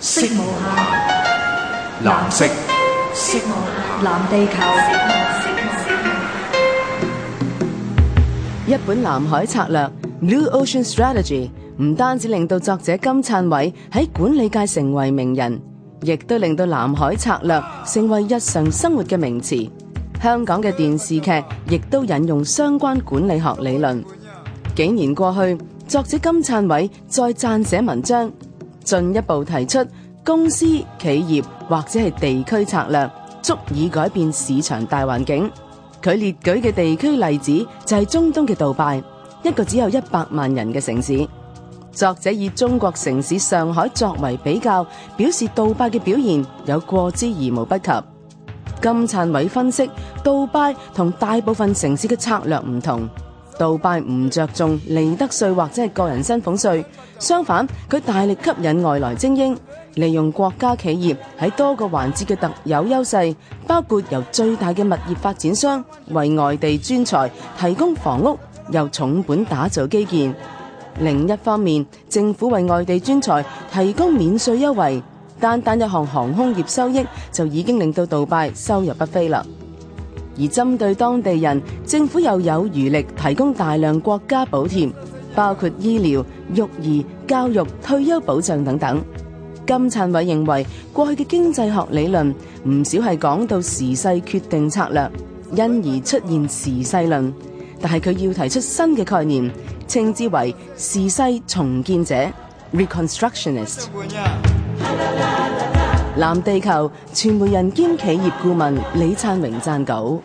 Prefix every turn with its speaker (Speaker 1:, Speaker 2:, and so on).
Speaker 1: 色無限，藍色，色無限，藍地球。一本《藍海策略》（Blue Ocean Strategy） 唔單止令到作者金偉燦喺管理界成為名人，亦都令到藍海策略成為日常生活嘅名詞。香港嘅電視劇亦都引用相關管理學理論。幾年過去，作者金偉燦再撰寫文章。進一步提出公司、企業或者係地區策略，足以改變市場大環境。佢列舉嘅地區例子就係中東嘅杜拜，一個只有一百萬人嘅城市。作者以中國城市上海作為比較，表示杜拜嘅表現有過之而無不及。金燦偉分析，杜拜同大部分城市嘅策略唔同。100杜拜唔着重利得稅或者係個人薪俸稅，相反，佢大力吸引外來精英，利用國家企業喺多個環節嘅特有優勢，包括由最大嘅物業發展商為外地專才提供房屋，由重本打造基建。另一方面，政府為外地專才提供免稅優惠，單單一項航空業收益就已經令到杜拜收入不菲啦。而針對當地人，政府又有餘力提供大量國家補貼，包括醫療、育兒、教育、退休保障等等。金燦偉認為過去嘅經濟學理論唔少係講到時勢決定策略，因而出現時勢論。但係佢要提出新嘅概念，稱之為時勢重建者 （Reconstructionist）。Re 藍地球傳媒人兼企業顧問李燦榮撰稿。